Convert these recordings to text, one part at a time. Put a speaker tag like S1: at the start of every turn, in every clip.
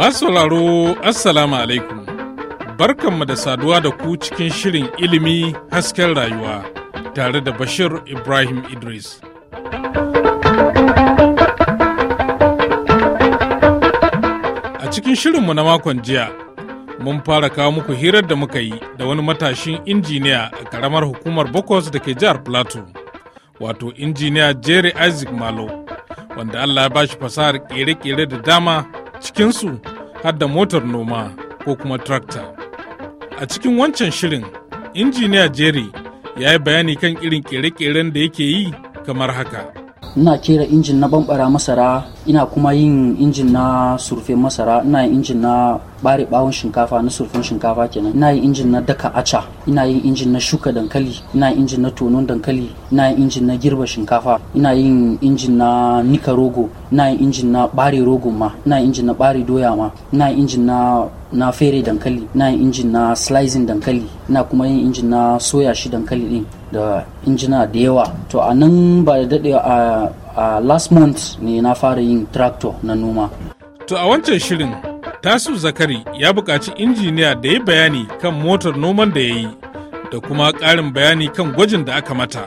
S1: Masu sauraro Assalamu alaikum. Barkanmu da saduwa da ku cikin shirin ilimi hasken rayuwa tare da Bashir Ibrahim Idris. A cikin shirinmu na makon jiya, mun fara kawo muku hirar da muka yi da wani matashin injiniya a karamar hukumar Bokos da ke jihar Plateau. wato injiniya jerry isaac malo wanda allah ya ba shi fasahar kere-kere da dama cikinsu har da motar noma ko kuma tractor a cikin wancan shirin injiniya jerry ya yi bayani kan irin kere-keren da yake yi kamar haka
S2: ina kera injin na bambara masara ina kuma yin injin na surfe masara ina yin injin na bare bawon shinkafa na surfen shinkafa kenan ina yin injin na daka aca ina yin injin na shuka dankali ina yin injin na tonon dankali ina yin injin na girba shinkafa ina yin injin na nika rogo ina yin injin na bare rogo ma ina yin injin na bare doya ma ina yin injin na na fere dankali ina yin injin na slicing dankali ina kuma yin injin na soya shi dankali din da injina da yawa to a nan ba da dadewa a a ah, last month ne na fara yin tractor na noma
S1: to a wancan shirin tasu zakari ya buƙaci injiniya da ya bayani kan motar noman da ya yi da kuma ƙarin bayani kan gwajin da aka mata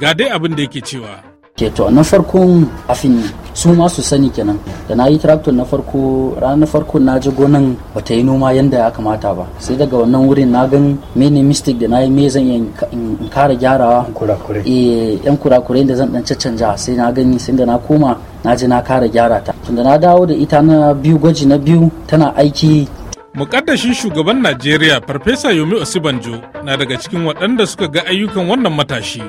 S1: ga dai abin da yake cewa
S2: keto na farkon afin su ma sani kenan da na yi tractor na farko ranar na farko na ji gonan ba ta yi noma yadda ya kamata ba sai daga wannan wurin na gan mene mystic da na yi me zan iya in kara gyarawa eh, yan kurakurai da zan dan caccanja sai na gani sai da na koma na ji na kara gyara ta tunda na dawo da ita na biyu gwaji na biyu tana aiki
S1: mukaddashin shugaban najeriya farfesa yomi osibanjo na daga cikin waɗanda suka ga ayyukan wannan matashi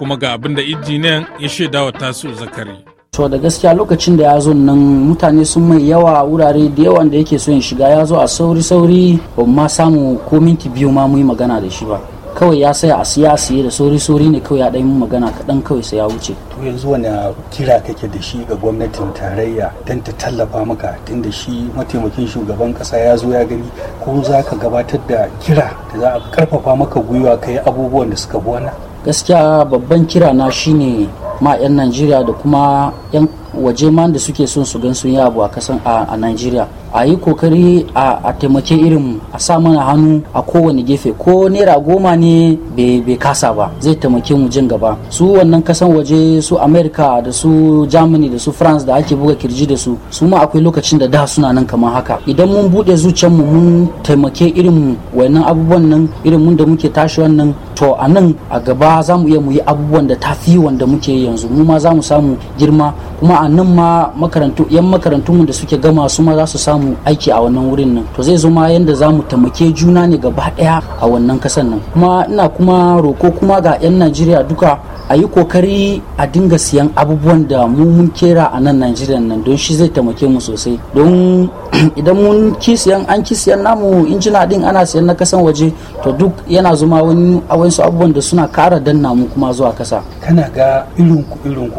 S1: kuma ga abin da injiniyan ya shaida wa tasu zakari
S2: to da gaskiya lokacin da ya zo nan mutane sun mai yawa wurare da yawan da yake so in shiga ya zo a sauri sauri ba ma samu ko minti biyu ma mu yi magana da shi ba kawai ya saya a siya siye da sori sori ne kawai ya ɗan yi magana kaɗan kawai sai ya
S3: wuce. to yanzu wani kira kake da shi ga gwamnatin tarayya dan ta tallafa maka tunda shi mataimakin shugaban kasa ya zo ya gani ko za ka gabatar da kira da za a karfafa maka gwiwa kai abubuwan da suka bi wannan. gaskiya babban kira na shine
S2: ma 'yan najeriya da kuma 'yan waje ma da suke son su gan sun yi abu a kasan a najeriya a yi kokari a taimake irin a sa mana hannu a kowane gefe ko naira goma ne bai kasa ba zai taimake mu jin gaba su wannan kasan waje su america da su germany da su france da ake buga kirji da su su ma akwai lokacin da da suna nan kamar haka idan mun bude zuciyarmu mun taimake irin wannan abubuwan nan irin mun da muke tashi wannan to a nan a gaba za mu iya mu yi abubuwan da ta fi wanda muke yanzu mu ma za mu samu girma kuma a nan ma makarantu yan makarantun da suke gama su ma za su samu aiki a wannan wurin nan to zai zo ma yanda za mu tamake juna ne gaba daya a wannan kasan nan kuma ina kuma roko kuma ga yan najeriya duka a yi kokari a dinga siyan abubuwan da mu mun kera a nan najeriya nan don shi zai taimake mu sosai don idan mun ki siyan an ki siyan namu injina din ana siyan na kasan waje to duk yana zuma wani su abubuwan da suna kara danna mu kuma zuwa kasa
S3: kana ga irin irin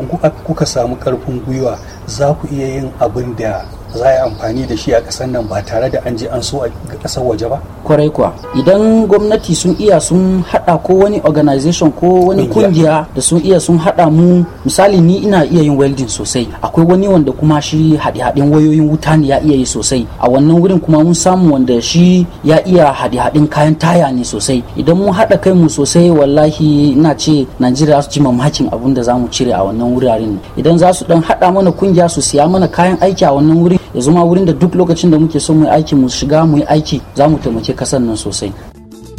S3: kuka samu karfin gwiwa za ku iya yin abin da za a yi amfani da shi a ƙasar nan ba tare da an je an so a ƙasar waje ba?
S2: Kwarai kuwa idan gwamnati sun iya sun haɗa ko wani organization ko wani kungiya da sun iya sun haɗa mu misali ni ina iya yin welding sosai akwai wani wanda kuma shi haɗe-haɗen wayoyin wuta ne ya iya yi sosai a wannan wurin kuma mun samu wanda shi ya iya haɗe-haɗen kayan taya ne sosai idan mun haɗa kai mu sosai wallahi ina ce Najeriya su ji mamakin abin da za mu cire a wannan wuraren idan za su ɗan haɗa mana kungiya su siya mana kayan aiki a wannan wurin ya zama wurin da duk lokacin da muke son mu aiki mu shiga mu yi aiki za mu taimake kasan nan sosai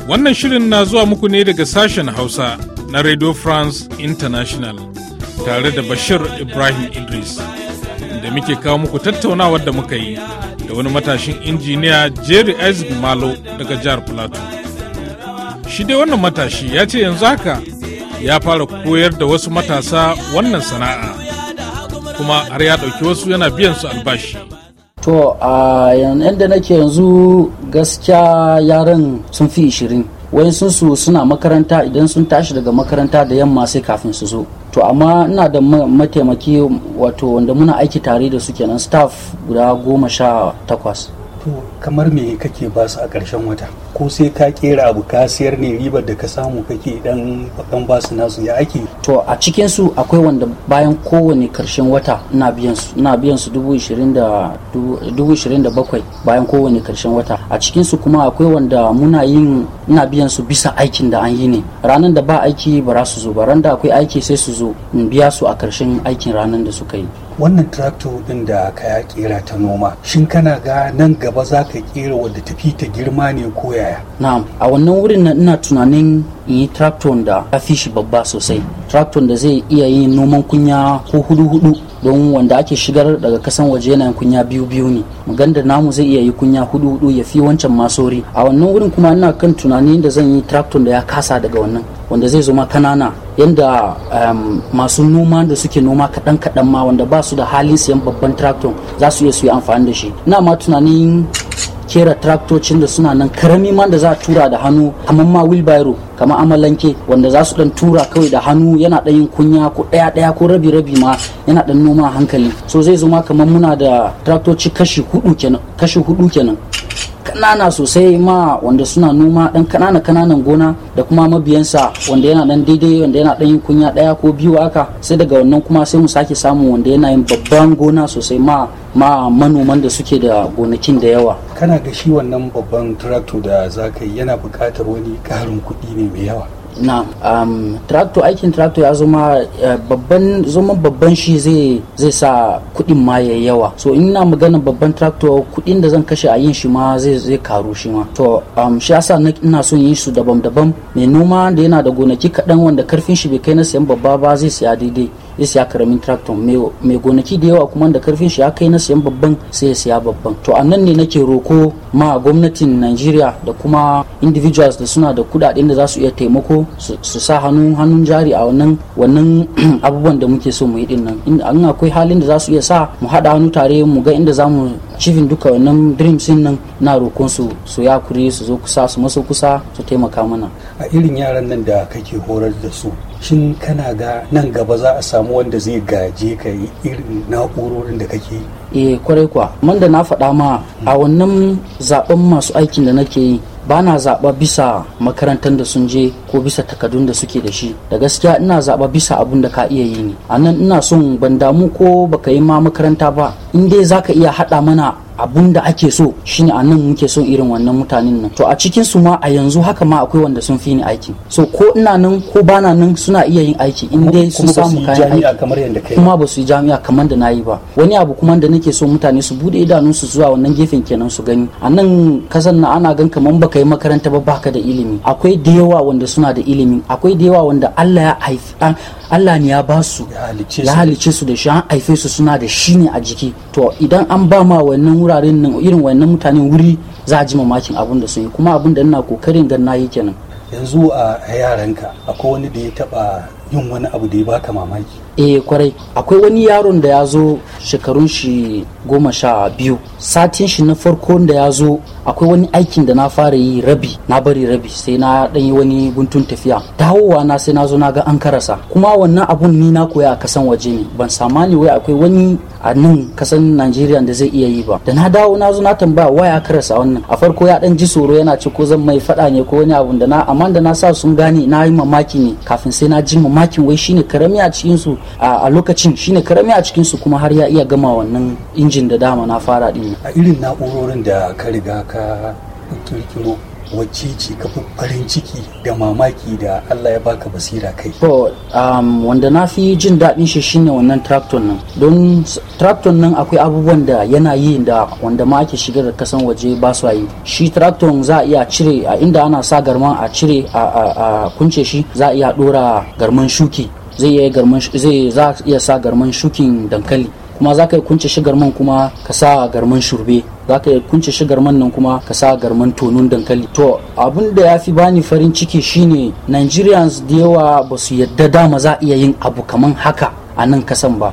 S1: wannan shirin na zuwa muku ne daga sashen hausa na radio france international tare da bashir ibrahim idris da muke kawo muku tattaunawar da muka yi da wani matashin injiniya jerry isaac malo daga jihar plateau shi dai wannan matashi ya ce yanzu haka ya fara koyar da wasu matasa wannan sana'a kuma har ya ɗauki wasu yana biyan su albashi
S2: to a yanda nake yanzu gaskiya yaran sun fi ishirin wayansu su suna makaranta idan sun tashi daga makaranta da yamma sai kafin su zo to amma ina da mataimaki wato wanda muna aiki tare da su kenan staff guda goma sha takwas
S3: to kamar me kake ba su a ƙarshen wata ko sai ka kera abu ka siyar ne ribar da ka samu kake dan dan ba su nasu ya ake to a cikin su
S2: akwai wanda bayan kowane ƙarshen wata ina biyan su ina biyan su dubu ishirin da bakwai bayan kowane ƙarshen wata a cikin su kuma akwai wanda muna yin ina biyan su bisa aikin da an yi ne ranar da ba aiki ba su zo ba ran da akwai aiki sai su zo in biya su a ƙarshen aikin ranar da suka yi
S3: wannan tractor din da ka ya kera ta noma shin kana ga nan gaba za ka kera wadda tafi ta girma ne ko yaya
S2: na'am a wannan wurin na ina tunanin yi trakton da ya fi shi babba sosai trakton da zai iya yin noman kunya ko hudu hudu don wanda ake shigar daga kasan waje yana yin kunya biyu biyu ne maganda namu zai iya yi kunya hudu hudu ya fi wancan masori a wannan wurin kuma ina kan tunanin da zan yi trakton da ya kasa daga wannan wanda zai zama kanana yadda um, masu noma da suke noma kaɗan kaɗan ma wanda ba su da halin siyan babban trakton za su iya su yi amfani da shi ina ma tunanin kera traktocin da suna nan karami man da za a tura da hannu kamar ma wilbairo kamar amalanke wanda za su dan tura kawai da hannu yana dan yin kunya ko daya daya ko rabi rabi ma yana dan noma hankali so zai zama kamar muna da traktoci kashi hudu kenan kashi hudu kenan kanana sosai ma wanda suna noma dan kanana kananan gona da kuma mabiyansa wanda yana dan daidai wanda yana dan yin kunya daya ko biyu haka sai daga wannan kuma sai mu sake samu wanda yana yin babban gona sosai ma ma manoman da suke da gonakin da yawa
S3: kana ga shi wannan babban tractor da zaka yana buƙatar wani ƙarin kuɗi ne mai yawa na um,
S2: aikin tractor ya zama uh, eh, babban babban shi zai sa kuɗin ma ya yawa so in na magana babban tractor kuɗin da zan kashe a yin shi ma zai karu shi ma to um, shi yasa ina son yin su daban-daban mai noma da yana da gonaki kaɗan wanda karfin shi bai kai na sayan babba ba zai siya daidai ya siya karamin tractor mai gonaki da yawa kuma da karfin shi ya kai na siyan babban sai ya siya babban to a nan ne nake roko ma gwamnatin Najeriya da kuma individuals da suna da kudaden da za su iya taimako su sa hannun hannun jari a wannan abubuwan da muke so mu yi din in akwai halin da za su iya sa mu haɗa hannu tare mu ga inda za mu achieving duka wannan dreams din nan na roƙon su su ya su zo kusa su maso kusa su taimaka
S3: mana a irin yaran nan da kake horar da su shin kana ga nan gaba za a samu wanda zai gaje ka irin na'urorin da kake
S2: eh kwarai kwa man da na faɗa ma a wannan zaben masu aikin da nake yi ba na zaɓa bisa makarantar da sun je ko bisa takardun da suke da shi da gaskiya ina zaɓa bisa abun da ka iya yi ne a nan ina son ban damu ko baka yi ma makaranta ba in dai ka iya haɗa mana abun da ake so shine a nan muke son irin wannan mutanen nan to a cikin su ma a yanzu haka ma akwai wanda sun fi ni aiki so ko ina nan ko bana nan suna iya yin aiki in dai su samu kayan aiki kuma ba su yi jami'a kamar da nayi ba wani abu kuma da nake so mutane su bude idanun su zuwa wannan gefen kenan su gani a nan kasan na ana gan kamar baka yi makaranta ba baka da ilimi akwai da yawa wanda suna da ilimi akwai da yawa wanda Allah ya haifi Allah ne ya ba su ya halice su da shi an haife su suna da shi ne a jiki to idan an ba ma wannan wuraren nan irin wannan mutanen wuri za a ji mamakin abin da sun yi kuma abin da ina kokarin gan na yi kenan
S3: yanzu a yaranka akwai wani da ya taba yin wani abu da ya baka mamaki
S2: eh kwarai akwai wani yaron da ya zo shekarun shi goma sha biyu satin shi na farko da ya zo akwai wani aikin da na fara yi rabi na bari rabi sai na dan yi wani guntun tafiya dawowa na sai na zo na ga an karasa kuma wannan abun ni na koya a kasan waje ne ban samani wai akwai wani a nan kasan Najeriya da zai iya yi ba da na dawo na zo na tambaya waya karasa wannan a farko ya dan ji tsoro yana ce ko zan mai fada ne ko wani abu da na amma da na sa sun gane na yi mamaki ne kafin sai na ji mamakin wai shine karami a cikin su a lokacin shine karami a cikin su kuma har ya iya gama wannan injin da dama na fara din
S3: a irin na'urorin da ka riga ka kirkiro wacce ce ka farin ciki da mamaki da Allah ya baka basira kai? To,
S2: um, wanda na fi jin daɗin shi shine wannan traktor nan. Don traktor nan akwai abubuwan da yana yi da wanda ma ake shigar da kasan waje ba su yi. Shi traktor za a iya cire a inda ana sa garman a cire a kunce shi za a iya ɗora garman shuki. zai iya sa garman shukin dankali kuma za ka yi kunce shigar man kuma ka sa garman shurbe za ka yi kunce shigar man nan kuma ka sa garman tonun dankali to abin da ya fi bani farin ciki shine nigerians da yawa ba su yadda dama za iya yin abu kaman haka a nan kasan ba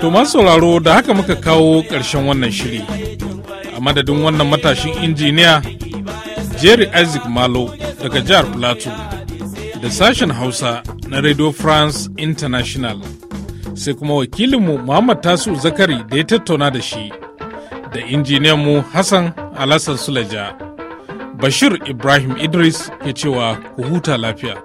S1: to masu sauraro da haka muka kawo ƙarshen wannan shiri a madadin wannan matashin injiniya jerry isaac malo daga jihar plateau da sashen hausa na radio france international sai kuma wakilinmu Muhammad Tasu Zakari da ya tattauna da shi, da injiniyanmu Hassan Alassan Suleja. Bashir Ibrahim Idris ke cewa ku huta lafiya.